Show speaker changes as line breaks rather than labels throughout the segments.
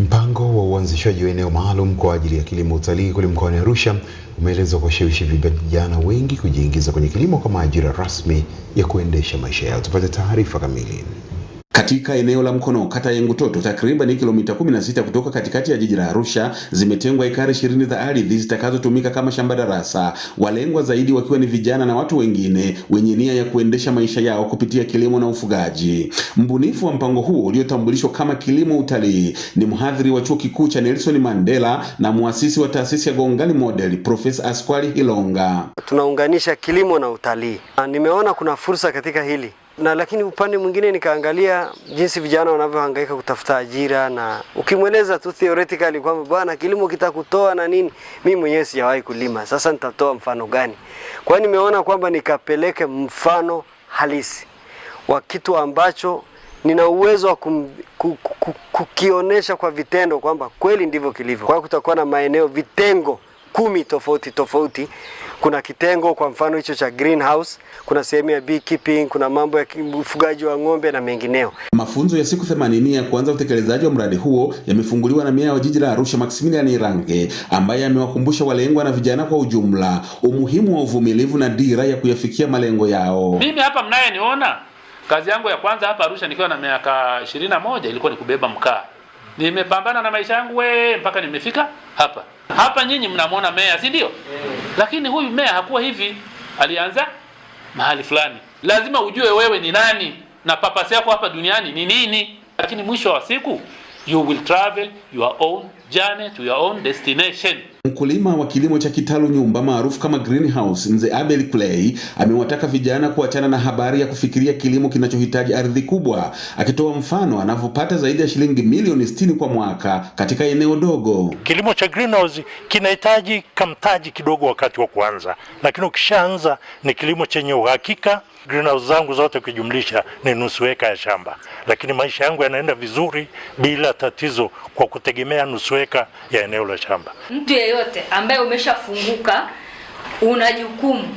Mpango wa uanzishwaji wa eneo maalum kwa ajili ya kilimo utalii kule mkoani Arusha umeelezwa kuwashawishi vijana wengi kujiingiza kwenye kilimo kama ajira rasmi ya kuendesha maisha yao. Tupate taarifa kamili.
Katika eneo la Mkono, kata ya Ngutoto, takriban kilomita 16 kutoka katikati ya jiji la Arusha, zimetengwa ekari ishirini za ardhi zitakazotumika kama shamba darasa, walengwa zaidi wakiwa ni vijana na watu wengine wenye nia ya kuendesha maisha yao kupitia kilimo na ufugaji. Mbunifu wa mpango huo uliotambulishwa kama Kilimo Utalii ni mhadhiri wa Chuo Kikuu cha Nelson Mandela na muasisi wa taasisi ya Gongali Model, Profesa Askwali Hilonga.
Tunaunganisha kilimo na utalii. Nimeona kuna fursa katika hili na lakini upande mwingine nikaangalia jinsi vijana wanavyohangaika kutafuta ajira, na ukimweleza tu theoretically kwamba bwana kilimo kitakutoa na nini, mi mwenyewe sijawahi kulima, sasa nitatoa mfano gani? Kwa hiyo nimeona kwamba nikapeleke mfano halisi wa kitu ambacho nina uwezo wa kukionyesha kwa vitendo kwamba kweli ndivyo kilivyo. Kwa hiyo kutakuwa na maeneo, vitengo kumi tofauti tofauti. Kuna kitengo kwa mfano hicho cha greenhouse, kuna sehemu ya beekeeping, kuna mambo ya ufugaji wa ng'ombe na mengineo.
Mafunzo ya siku 80 ya kuanza utekelezaji wa mradi huo yamefunguliwa na meya wa jiji la Arusha Maximilian Irange, ambaye amewakumbusha walengwa na vijana kwa ujumla umuhimu wa uvumilivu na dira ya kuyafikia malengo yao.
Mimi hapa mnayeniona, kazi yangu ya kwanza hapa Arusha nikiwa na miaka 21 ilikuwa ni kubeba mkaa nimepambana na maisha yangu we mpaka nimefika hapa hapa. Nyinyi mnamwona meya, si ndio? Lakini huyu meya hakuwa hivi, alianza mahali fulani. Lazima ujue wewe ni nani na papasi yako hapa duniani ni nini, lakini mwisho wa siku You will travel your own journey to your own destination.
Mkulima wa kilimo cha kitalu nyumba maarufu kama greenhouse, Mzee Abel Clay amewataka vijana kuachana na habari ya kufikiria kilimo kinachohitaji ardhi kubwa, akitoa mfano anavyopata zaidi ya shilingi milioni sitini kwa mwaka katika eneo dogo.
Kilimo cha greenhouse kinahitaji kamtaji kidogo wakati wa kuanza, lakini ukishaanza ni kilimo chenye uhakika greenhouse zangu zote ukijumlisha ni nusu eka ya shamba, lakini maisha yangu yanaenda vizuri bila tatizo kwa kutegemea nusu eka ya eneo la shamba.
Mtu yeyote ambaye umeshafunguka una jukumu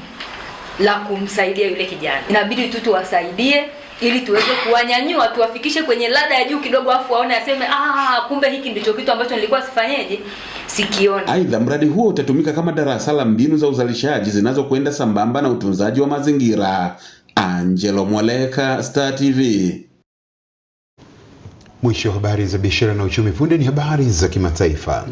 la kumsaidia yule kijana, inabidi tu tuwasaidie ili tuweze kuwanyanyua tuwafikishe kwenye lada ya juu kidogo, afu waone aseme ah, kumbe hiki ndicho kitu ambacho nilikuwa sifanyeje sikiona.
Aidha, mradi huo utatumika kama darasa la mbinu za uzalishaji zinazokwenda sambamba na utunzaji wa mazingira. Angelo Mwaleka, Star TV. Mwisho wa habari za biashara na uchumi. Punde ni habari za kimataifa.